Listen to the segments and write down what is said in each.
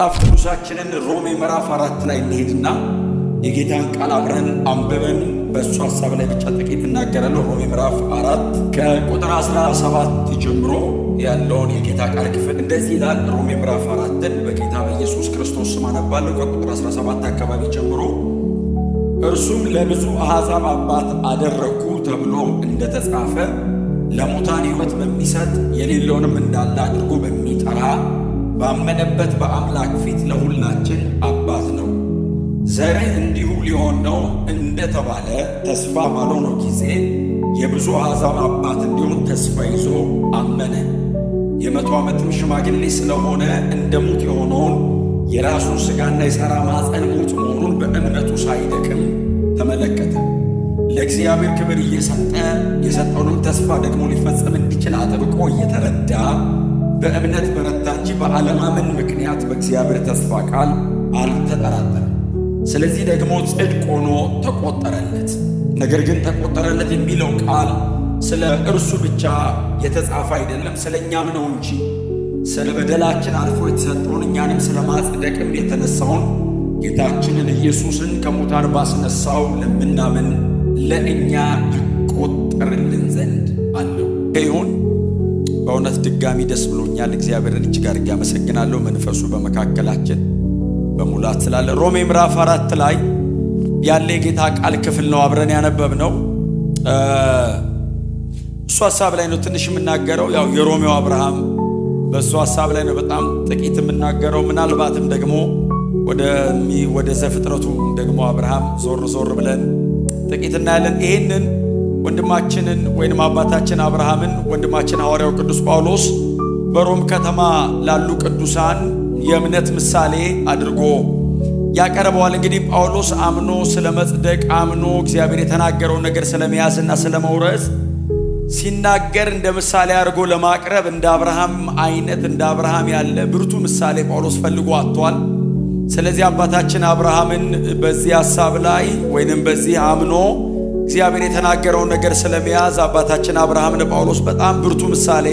መጽሐፍ ቅዱሳችንን ሮሜ ምዕራፍ አራት ላይ እንሄድና የጌታን ቃል አብረን አንብበን በእሱ ሀሳብ ላይ ብቻ ጥቂት እናገራለሁ። ሮሜ ምዕራፍ አራት ከቁጥር አስራ ሰባት ጀምሮ ያለውን የጌታ ቃል ክፍል እንደዚህ ይላል። ሮሜ ምዕራፍ አራትን በጌታ በኢየሱስ ክርስቶስ ስም አነባለሁ ከቁጥር 17 አካባቢ ጀምሮ እርሱም ለብዙ አሕዛብ አባት አደረግኩ ተብሎ እንደተጻፈ ለሙታን ሕይወት በሚሰጥ የሌለውንም እንዳለ አድርጎ በሚት ባመነበት በአምላክ ፊት ለሁላችን አባት ነው። ዘሬ እንዲሁ ሊሆን ነው እንደተባለ ተስፋ ባልሆነው ጊዜ የብዙ አሕዛብ አባት እንዲሆን ተስፋ ይዞ አመነ። የመቶ ዓመትም ሽማግሌ ስለሆነ እንደ ሙት የሆነውን የራሱን ሥጋና የሠራ ማፀን ሙት መሆኑን በእምነቱ ሳይደክም ተመለከተ። ለእግዚአብሔር ክብር እየሰጠ የሰጠውንም ተስፋ ደግሞ ሊፈጸም እንዲችል አጥብቆ እየተረዳ በእምነት በረታ እንጂ በአለማመን ምክንያት በእግዚአብሔር ተስፋ ቃል አልተጠራጠረም። ስለዚህ ደግሞ ጽድቅ ሆኖ ተቆጠረለት። ነገር ግን ተቆጠረለት የሚለው ቃል ስለ እርሱ ብቻ የተጻፈ አይደለም፣ ስለ እኛም ነው እንጂ ስለ በደላችን አልፎ የተሰጠውን እኛንም ስለ ማጽደቅም የተነሳውን ጌታችንን ኢየሱስን ከሙታን ባስነሳው ለምናምን ለእኛ ይቆጠርልን ዘንድ አለው ይሁን በእውነት ድጋሚ ደስ ብሎኛል። እግዚአብሔርን እጅግ አድርጌ አመሰግናለሁ። መንፈሱ በመካከላችን በሙላት ስላለ ሮሜ ምዕራፍ አራት ላይ ያለ የጌታ ቃል ክፍል ነው አብረን ያነበብ ነው። እሱ ሀሳብ ላይ ነው ትንሽ የምናገረው። ያው የሮሜው አብርሃም በእሱ ሀሳብ ላይ ነው በጣም ጥቂት የምናገረው። ምናልባትም ደግሞ ወደ ዘፍጥረቱ ደግሞ አብርሃም ዞር ዞር ብለን ጥቂት እናያለን። ይህንን ወንድማችንን ወይንም አባታችን አብርሃምን ወንድማችን ሐዋርያው ቅዱስ ጳውሎስ በሮም ከተማ ላሉ ቅዱሳን የእምነት ምሳሌ አድርጎ ያቀርበዋል። እንግዲህ ጳውሎስ አምኖ ስለ መጽደቅ አምኖ እግዚአብሔር የተናገረውን ነገር ስለ መያዝና ስለ መውረስ ሲናገር እንደ ምሳሌ አድርጎ ለማቅረብ እንደ አብርሃም አይነት እንደ አብርሃም ያለ ብርቱ ምሳሌ ጳውሎስ ፈልጎ አጥቷል። ስለዚህ አባታችን አብርሃምን በዚህ ሐሳብ ላይ ወይንም በዚህ አምኖ እግዚአብሔር የተናገረውን ነገር ስለመያዝ አባታችን አብርሃምን ጳውሎስ በጣም ብርቱ ምሳሌ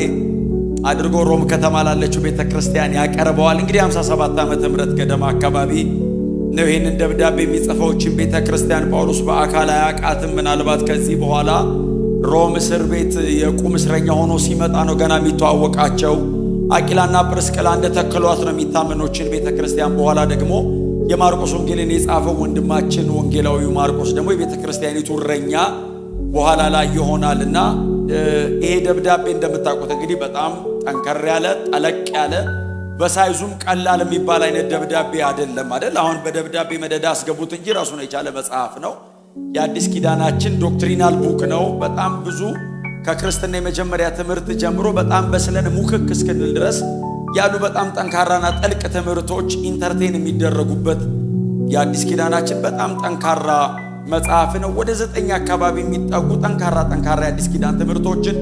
አድርጎ ሮም ከተማ ላለችው ቤተ ክርስቲያን ያቀርበዋል። እንግዲህ 57 ዓመተ ምህረት ገደማ አካባቢ ነው ይህንን ደብዳቤ የሚጽፈዎችን ቤተ ክርስቲያን ጳውሎስ በአካል አያውቃትም። ምናልባት ከዚህ በኋላ ሮም እስር ቤት የቁም እስረኛ ሆኖ ሲመጣ ነው ገና የሚተዋወቃቸው። አቂላና ጵርስቅላ እንደ ተከሏት ነው የሚታመኖችን ቤተ ክርስቲያን በኋላ ደግሞ የማርቆስ ወንጌልን የጻፈው ወንድማችን ወንጌላዊው ማርቆስ ደግሞ የቤተ ክርስቲያኒቱ እረኛ በኋላ ላይ ይሆናል እና ይሄ ደብዳቤ እንደምታውቁት እንግዲህ በጣም ጠንከር ያለ ጠለቅ ያለ በሳይዙም ቀላል የሚባል አይነት ደብዳቤ አይደለም አይደል? አሁን በደብዳቤ መደዳ አስገቡት እንጂ ራሱን የቻለ መጽሐፍ ነው። የአዲስ ኪዳናችን ዶክትሪናል ቡክ ነው። በጣም ብዙ ከክርስትና የመጀመሪያ ትምህርት ጀምሮ በጣም በስለን ሙክክ እስክንል ድረስ ያሉ በጣም ጠንካራና ጥልቅ ትምህርቶች ኢንተርቴን የሚደረጉበት የአዲስ ኪዳናችን በጣም ጠንካራ መጽሐፍ ነው። ወደ ዘጠኝ አካባቢ የሚጠጉ ጠንካራ ጠንካራ የአዲስ ኪዳን ትምህርቶችን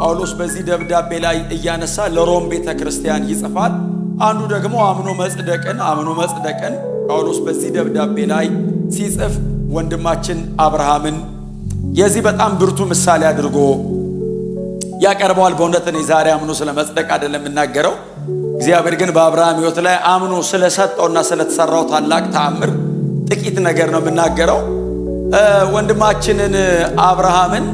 ጳውሎስ በዚህ ደብዳቤ ላይ እያነሳ ለሮም ቤተ ክርስቲያን ይጽፋል። አንዱ ደግሞ አምኖ መጽደቅን አምኖ መጽደቅን ጳውሎስ በዚህ ደብዳቤ ላይ ሲጽፍ ወንድማችን አብርሃምን የዚህ በጣም ብርቱ ምሳሌ አድርጎ ያቀርበዋል። በእውነት እኔ ዛሬ አምኖ ስለ መጽደቅ አይደለም የምናገረው እግዚአብሔር ግን በአብርሃም ሕይወት ላይ አምኖ ስለሰጠውና ስለተሰራው ታላቅ ተአምር ጥቂት ነገር ነው የምናገረው። ወንድማችንን አብርሃምን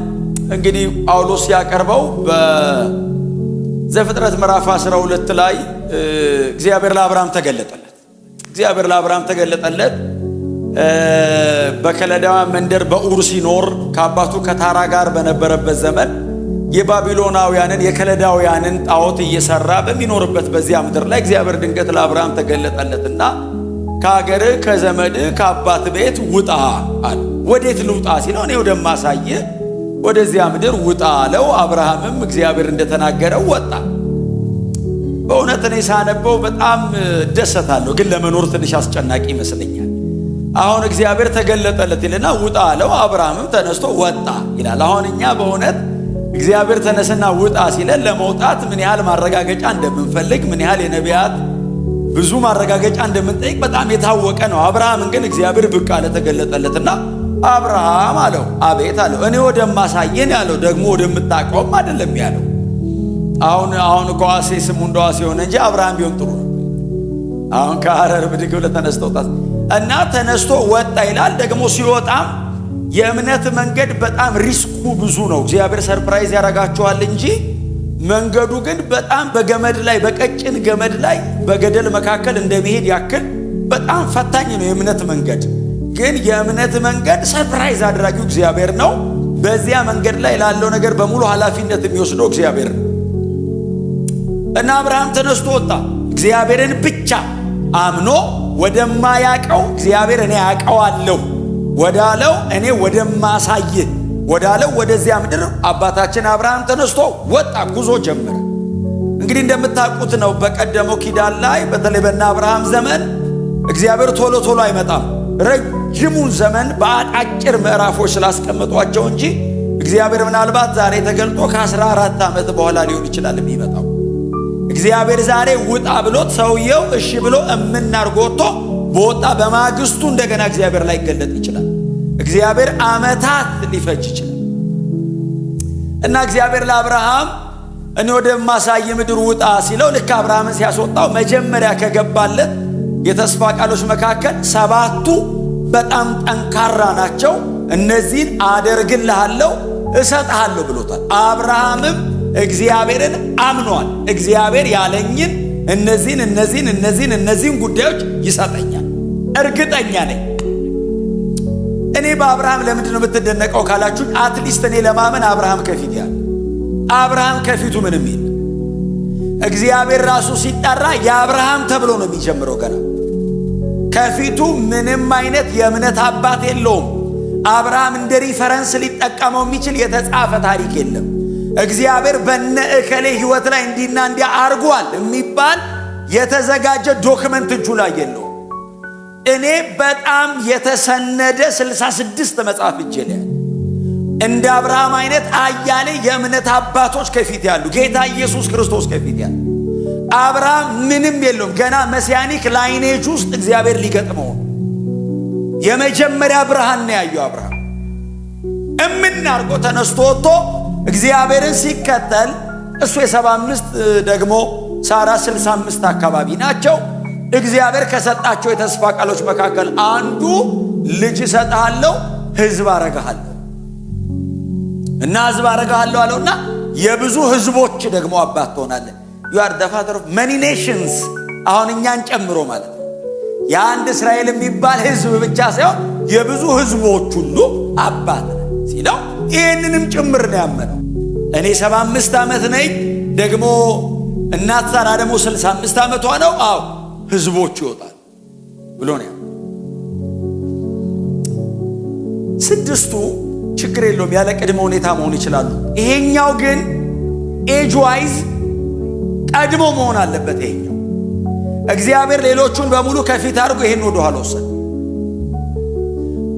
እንግዲህ ጳውሎስ ያቀርበው በዘፍጥረት ምዕራፍ 12 ላይ እግዚአብሔር ለአብርሃም ተገለጠለት። እግዚአብሔር ለአብርሃም ተገለጠለት። በከለዳዋ መንደር በኡር ሲኖር ከአባቱ ከታራ ጋር በነበረበት ዘመን የባቢሎናውያንን የከለዳውያንን ጣዖት እየሰራ በሚኖርበት በዚያ ምድር ላይ እግዚአብሔር ድንገት ለአብርሃም ተገለጠለትና ከሀገር ከዘመድ ከአባት ቤት ውጣ አለ። ወዴት ልውጣ ሲለው እኔ ወደማሳየ ወደዚያ ምድር ውጣ አለው። አብርሃምም እግዚአብሔር እንደተናገረው ወጣ። በእውነት እኔ ሳነበው በጣም ደሰታለሁ፣ ግን ለመኖር ትንሽ አስጨናቂ ይመስለኛል። አሁን እግዚአብሔር ተገለጠለት ይልና ውጣ አለው። አብርሃምም ተነስቶ ወጣ ይላል። አሁን እኛ በእውነት እግዚአብሔር ተነስና ውጣ ሲለን ለመውጣት ምን ያህል ማረጋገጫ እንደምንፈልግ ምን ያህል የነቢያት ብዙ ማረጋገጫ እንደምንጠይቅ በጣም የታወቀ ነው። አብርሃምን ግን እግዚአብሔር ብቅ አለ ተገለጠለትና አብርሃም አለው። አቤት አለው። እኔ ወደማሳየን ያለው ደግሞ ወደምታውቀውም አይደለም ያለው። አሁን አሁን ከዋሴ ስሙ እንደዋሴ ሆነ እንጂ አብርሃም ቢሆን ጥሩ ነው። አሁን ከሀረር ብድግ ብለህ ተነስተውጣት እና ተነስቶ ወጣ ይላል ደግሞ ሲወጣም የእምነት መንገድ በጣም ሪስኩ ብዙ ነው። እግዚአብሔር ሰርፕራይዝ ያደርጋችኋል እንጂ መንገዱ ግን በጣም በገመድ ላይ በቀጭን ገመድ ላይ በገደል መካከል እንደሚሄድ ያክል በጣም ፈታኝ ነው የእምነት መንገድ። ግን የእምነት መንገድ ሰርፕራይዝ አድራጊው እግዚአብሔር ነው። በዚያ መንገድ ላይ ላለው ነገር በሙሉ ኃላፊነት የሚወስደው እግዚአብሔር ነው እና አብርሃም ተነስቶ ወጣ። እግዚአብሔርን ብቻ አምኖ ወደማያቀው እግዚአብሔር እኔ ያቀዋለሁ ወዳለው እኔ ወደማሳይ ወዳለው ወደዚያ ምድር አባታችን አብርሃም ተነስቶ ወጣ፣ ጉዞ ጀመረ። እንግዲህ እንደምታውቁት ነው በቀደመው ኪዳን ላይ በተለይ በእነ አብርሃም ዘመን እግዚአብሔር ቶሎ ቶሎ አይመጣም። ረጅሙን ዘመን በአጫጭር ምዕራፎች ስላስቀመጧቸው እንጂ እግዚአብሔር ምናልባት ዛሬ ተገልጦ ከ14 ዓመት በኋላ ሊሆን ይችላል የሚመጣው። እግዚአብሔር ዛሬ ውጣ ብሎት ሰውየው እሺ ብሎ እምናርጎቶ በወጣ በማግስቱ እንደገና እግዚአብሔር ላይ ይገለጥ ይችላል። እግዚአብሔር ዓመታት ሊፈጅ ይችላል እና እግዚአብሔር ለአብርሃም እኔ ወደ ማሳይ ምድር ውጣ ሲለው ልክ አብርሃምን ሲያስወጣው መጀመሪያ ከገባለት የተስፋ ቃሎች መካከል ሰባቱ በጣም ጠንካራ ናቸው። እነዚህን አደርግልሃለሁ፣ እሰጥሃለሁ ብሎታል። አብርሃምም እግዚአብሔርን አምኗል። እግዚአብሔር ያለኝን እነዚህን እነዚህን እነዚህን እነዚህን ጉዳዮች ይሰጠኛል፣ እርግጠኛ ነኝ። እኔ በአብርሃም ለምንድን ነው የምትደነቀው ካላችሁ፣ አትሊስት እኔ ለማመን አብርሃም ከፊት ያለ አብርሃም ከፊቱ ምንም ይል እግዚአብሔር ራሱ ሲጠራ የአብርሃም ተብሎ ነው የሚጀምረው። ገና ከፊቱ ምንም አይነት የእምነት አባት የለውም። አብርሃም እንደ ሪፈረንስ ሊጠቀመው የሚችል የተጻፈ ታሪክ የለም። እግዚአብሔር በነ እከሌ ህይወት ላይ እንዲና እንዲያ አርጓል የሚባል የተዘጋጀ ዶክመንት እጁ ላይ የለው። እኔ በጣም የተሰነደ 66 መጽሐፍ እጄ ላይ እንደ አብርሃም አይነት አያሌ የእምነት አባቶች ከፊት ያሉ ጌታ ኢየሱስ ክርስቶስ ከፊት ያሉ አብርሃም ምንም የለውም። ገና መሲያኒክ ላይኔጅ ውስጥ እግዚአብሔር ሊገጥመው የመጀመሪያ ብርሃን ነው ያየው አብርሃም። እምናርቆ ተነስቶ ወጥቶ እግዚአብሔርን ሲከተል እሱ የ 75 ደግሞ ሳራ 65 አካባቢ ናቸው። እግዚአብሔር ከሰጣቸው የተስፋ ቃሎች መካከል አንዱ ልጅ እሰጥሃለሁ፣ ህዝብ አረግሃለሁ እና ህዝብ አረግሃለሁ አለውና የብዙ ህዝቦች ደግሞ አባት ትሆናለህ። ዩ አር ዘ ፋዘር ኦፍ መኒ ኔሽንስ። አሁን እኛን ጨምሮ ማለት ነው። የአንድ እስራኤል የሚባል ህዝብ ብቻ ሳይሆን የብዙ ህዝቦች ሁሉ አባት ሲለው ይህንንም ጭምር ነው ያመነው። እኔ 75 አምስት ዓመት ነኝ ደግሞ እናት ሳራ ደግሞ 65 ዓመቷ ነው። አዎ ህዝቦች ይወጣል ብሎ ነው። ስድስቱ ችግር የለውም ያለ ቅድመ ሁኔታ መሆን ይችላሉ። ይሄኛው ግን ኤጅ ዋይዝ ቀድሞ መሆን አለበት። ይሄኛው እግዚአብሔር ሌሎቹን በሙሉ ከፊት አድርጎ ይሄን ወደ ወሰደ።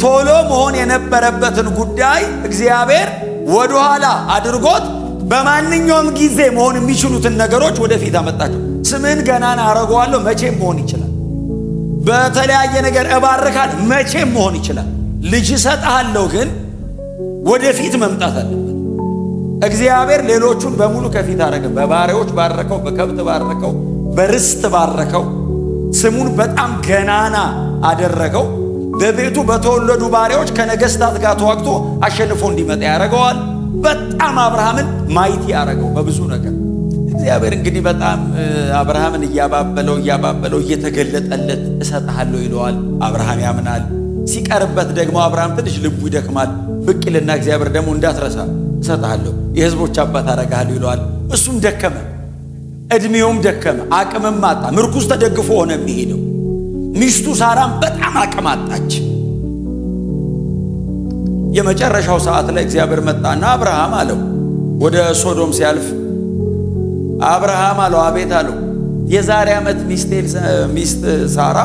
ቶሎ መሆን የነበረበትን ጉዳይ እግዚአብሔር ወደ ኋላ አድርጎት በማንኛውም ጊዜ መሆን የሚችሉትን ነገሮች ወደፊት አመጣቸው። ስምን ገናን አረገዋለሁ መቼም መሆን ይችላል። በተለያየ ነገር እባርካል መቼም መሆን ይችላል። ልጅ እሰጥሃለሁ ግን ወደፊት መምጣት አለበት። እግዚአብሔር ሌሎቹን በሙሉ ከፊት አረገ። በባሪያዎች ባረከው፣ በከብት ባረከው፣ በርስት ባረከው፣ ስሙን በጣም ገናና አደረገው። በቤቱ በተወለዱ ባሪያዎች ከነገስታት ጋር ተዋግቶ አሸንፎ እንዲመጣ ያደረገዋል። በጣም አብርሃምን ማይቲ ያደረገው በብዙ ነገር እግዚአብሔር እንግዲህ በጣም አብርሃምን እያባበለው እያባበለው እየተገለጠለት እሰጥሃለሁ ይለዋል። አብርሃም ያምናል። ሲቀርበት ደግሞ አብርሃም ትንሽ ልቡ ይደክማል። ብቅ ይልና እግዚአብሔር ደግሞ እንዳትረሳ እሰጥሃለሁ፣ የህዝቦች አባት አረግሃለሁ ይለዋል። እሱም ደከመ፣ እድሜውም ደከመ፣ አቅምም አጣ። ምርኩዝ ተደግፎ ሆነ የሚሄደው። ሚስቱ ሳራም በጣም አቅም አጣች። የመጨረሻው ሰዓት ላይ እግዚአብሔር መጣና አብርሃም አለው ወደ ሶዶም ሲያልፍ አብርሃም አለው አቤት አለው የዛሬ ዓመት ሚስት ሳራ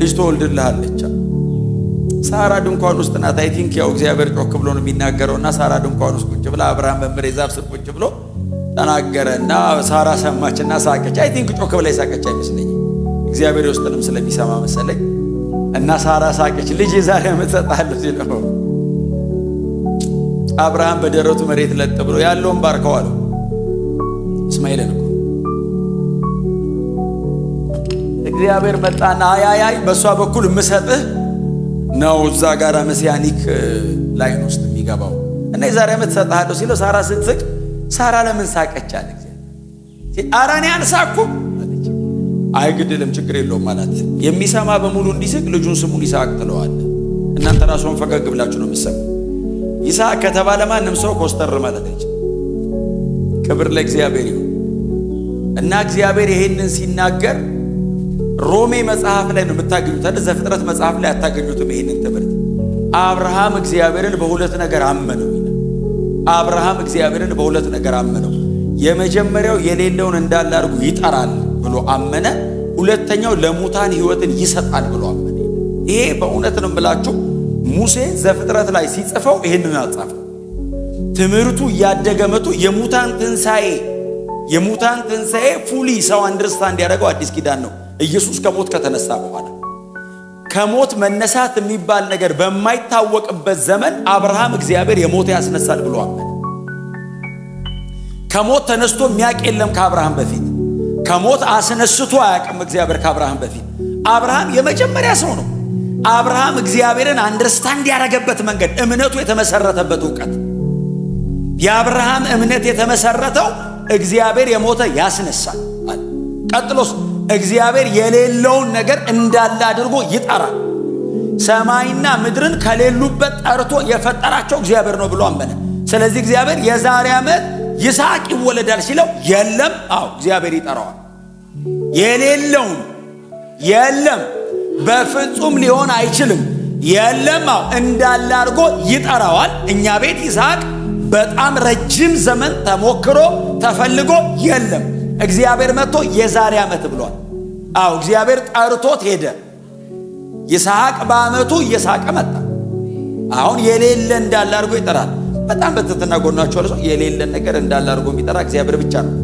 ልጅ ትወልድልሃለች። ሳራ ድንኳን ውስጥ ናት። አይ ቲንክ ያው እግዚአብሔር ጮክ ብሎ ነው የሚናገረው እና ሳራ ድንኳን ውስጥ ቁጭ ብላ አብርሃም መምሬ ዛፍ ስር ቁጭ ብሎ ተናገረ እና ሳራ ሰማች እና ሳቀች። አይ ቲንክ ጮክ ብላ የሳቀች አይመስለኝ እግዚአብሔር ውስጥንም ስለሚሰማ መሰለኝ እና ሳራ ሳቀች። ልጅ የዛሬ ዓመት ሰጣለሁ ሲለው አብርሃም በደረቱ መሬት ለጥ ብሎ ያለውን ባርከዋለሁ እስማኤልን እኮ እግዚአብሔር መጣና አያያይ በእሷ በኩል የምሰጥህ ነው። እዛ ጋር መስያኒክ ላይን ውስጥ የሚገባው እና የዛሬ ዓመት እሰጥሃለሁ ሲለው ሳራ ስትስቅ፣ ሳራ ለምን ሳቀች አለ ኧረ እኔ አልሳኩም አይ ግድልም ችግር የለውም ማለት የሚሰማ በሙሉ እንዲስቅ ልጁን ስሙን ይስሐቅ ትለዋል። እናንተ ራሱን ፈገግ ብላችሁ ነው የምትሰሙ። ይስሐቅ ከተባለ ማንም ሰው ኮስተር ማለት ክብር ለእግዚአብሔር ይሁን። እና እግዚአብሔር ይሄንን ሲናገር ሮሜ መጽሐፍ ላይ ነው የምታገኙት አይደል? ዘፍጥረት መጽሐፍ ላይ አታገኙትም ይሄንን ትምህርት። አብርሃም እግዚአብሔርን በሁለት ነገር አመነው ይላል። አብርሃም እግዚአብሔርን በሁለት ነገር አመነው። የመጀመሪያው የሌለውን እንዳለ አድርጎ ይጠራል ብሎ አመነ። ሁለተኛው ለሙታን ሕይወትን ይሰጣል ብሎ አመነ። ይሄ በእውነት ነው ብላችሁ ሙሴ ዘፍጥረት ላይ ሲጽፈው ይህንን አጻፈ። ትምህርቱ እያደገ መጡ የሙታን ትንሣኤ የሙታን ትንሣኤ ፉሊ ሰው አንደርስታንድ ያደረገው አዲስ ኪዳን ነው። ኢየሱስ ከሞት ከተነሳ በኋላ ከሞት መነሳት የሚባል ነገር በማይታወቅበት ዘመን አብርሃም እግዚአብሔር የሞተ ያስነሳል ብሎ አመነ። ከሞት ተነስቶ የሚያውቅ የለም ከአብርሃም በፊት። ከሞት አስነስቶ አያውቅም እግዚአብሔር ከአብርሃም በፊት። አብርሃም የመጀመሪያ ሰው ነው። አብርሃም እግዚአብሔርን አንደርስታንድ ያደረገበት መንገድ፣ እምነቱ የተመሰረተበት እውቀት የአብርሃም እምነት የተመሰረተው እግዚአብሔር የሞተ ያስነሳል። ቀጥሎስ እግዚአብሔር የሌለውን ነገር እንዳለ አድርጎ ይጠራል። ሰማይና ምድርን ከሌሉበት ጠርቶ የፈጠራቸው እግዚአብሔር ነው ብሎ አመነ። ስለዚህ እግዚአብሔር የዛሬ ዓመት ይስሐቅ ይወለዳል ሲለው የለም። አዎ እግዚአብሔር ይጠራዋል። የሌለውን የለም፣ በፍጹም ሊሆን አይችልም፣ የለም፣ አዎ እንዳለ አድርጎ ይጠራዋል። እኛ ቤት ይስሐቅ በጣም ረጅም ዘመን ተሞክሮ ተፈልጎ የለም። እግዚአብሔር መጥቶ የዛሬ ዓመት ብሏል። አዎ እግዚአብሔር ጠርቶት ሄደ። ይስሐቅ በዓመቱ እየሳቀ መጣ። አሁን የሌለ እንዳለ አድርጎ ይጠራል። በጣም በትትና ጎናቸው ሰው የሌለን ነገር እንዳለ አድርጎ የሚጠራ እግዚአብሔር ብቻ ነው።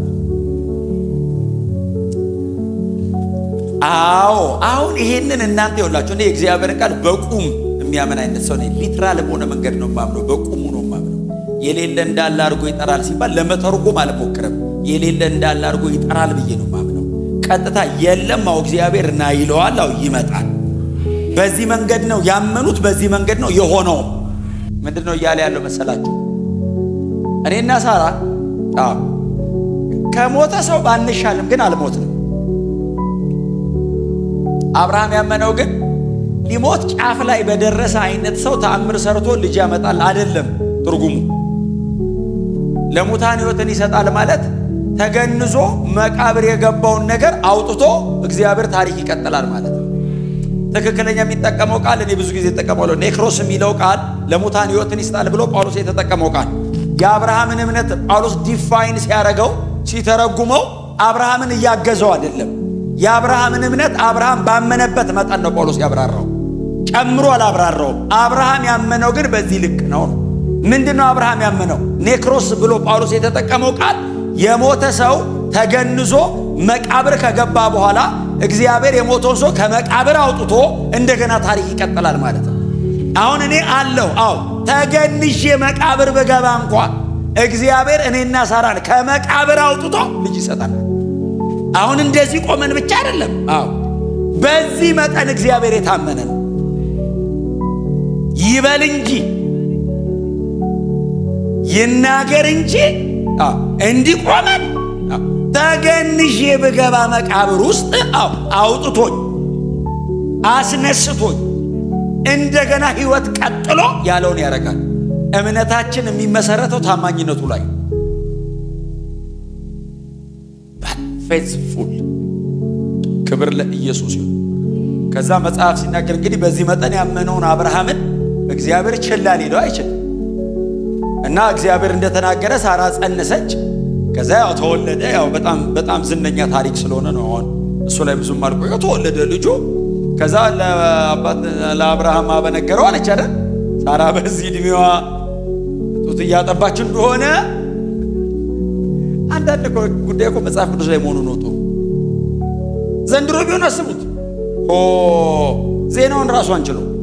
አዎ አሁን ይሄንን እናንተ ይውላችሁ። እኔ የእግዚአብሔርን ቃል በቁም የሚያምን አይነት ሰው ሊትራል በሆነ መንገድ ነው የማምነው። በቁሙ የሌለ እንዳለ አድርጎ ይጠራል ሲባል ለመተርጎም አልሞክርም። የሌለ እንዳለ አድርጎ ይጠራል ብዬ ነው ማምነው። ቀጥታ የለም አው እግዚአብሔር ና ይለዋል፣ አው ይመጣል። በዚህ መንገድ ነው ያመኑት፣ በዚህ መንገድ ነው የሆነው። ምንድን ነው እያለ ያለው መሰላችሁ? እኔና ሳራ ከሞተ ሰው ባንሻልም ግን አልሞትንም። አብርሃም ያመነው ግን ሊሞት ጫፍ ላይ በደረሰ አይነት ሰው ተአምር ሰርቶ ልጅ ያመጣል አይደለም ትርጉሙ ለሙታን ሕይወትን ይሰጣል ማለት ተገንዞ መቃብር የገባውን ነገር አውጥቶ እግዚአብሔር ታሪክ ይቀጥላል ማለት ነው። ትክክለኛ የሚጠቀመው ቃል እኔ ብዙ ጊዜ እጠቀማለሁ። ኔክሮስ የሚለው ቃል ለሙታን ሕይወትን ይሰጣል ብሎ ጳውሎስ የተጠቀመው ቃል የአብርሃምን እምነት ጳውሎስ ዲፋይን ሲያደረገው ሲተረጉመው አብርሃምን እያገዘው አይደለም። የአብርሃምን እምነት አብርሃም ባመነበት መጠን ነው ጳውሎስ ያብራራው፣ ጨምሮ አላብራራውም። አብርሃም ያመነው ግን በዚህ ልክ ነው ነው ምንድን ነው አብርሃም ያመነው? ኔክሮስ ብሎ ጳውሎስ የተጠቀመው ቃል የሞተ ሰው ተገንዞ መቃብር ከገባ በኋላ እግዚአብሔር የሞተውን ሰው ከመቃብር አውጥቶ እንደገና ታሪክ ይቀጥላል ማለት ነው። አሁን እኔ አለው አው ተገንዤ መቃብር በገባ እንኳ እግዚአብሔር እኔና ሳራን ከመቃብር አውጥቶ ልጅ ይሰጣል። አሁን እንደዚህ ቆመን ብቻ አይደለም። አዎ በዚህ መጠን እግዚአብሔር የታመነ ነው። ይበል እንጂ ይናገር እንጂ እንዲቆመን ተገንዤ ብገባ መቃብር ውስጥ አውጥቶኝ አስነስቶኝ እንደገና ህይወት ቀጥሎ ያለውን ያደርጋል። እምነታችን የሚመሰረተው ታማኝነቱ ላይ ፌዝፉል ክብር ለኢየሱስ ይሁን። ከዛ መጽሐፍ ሲናገር እንግዲህ በዚህ መጠን ያመነውን አብርሃምን እግዚአብሔር ችላ ሊለው አይችልም። እና እግዚአብሔር እንደተናገረ ሳራ ጸነሰች። ከዛ ያው ተወለደ። ያው በጣም በጣም ዝነኛ ታሪክ ስለሆነ ነው አሁን እሱ ላይ ብዙም አልቆየው። ተወለደ ልጁ። ከዛ ለአባት ለአብርሃም በነገረው አለች አይደል ሳራ በዚህ እድሜዋ ጡት እያጠባች እንደሆነ። አንዳንድ ጉዳይ እኮ መጽሐፍ ቅዱስ ላይ መሆኑ ነው። ዘንድሮ ቢሆን አስቡት። ኦ ዜናውን ራሱ አንችለው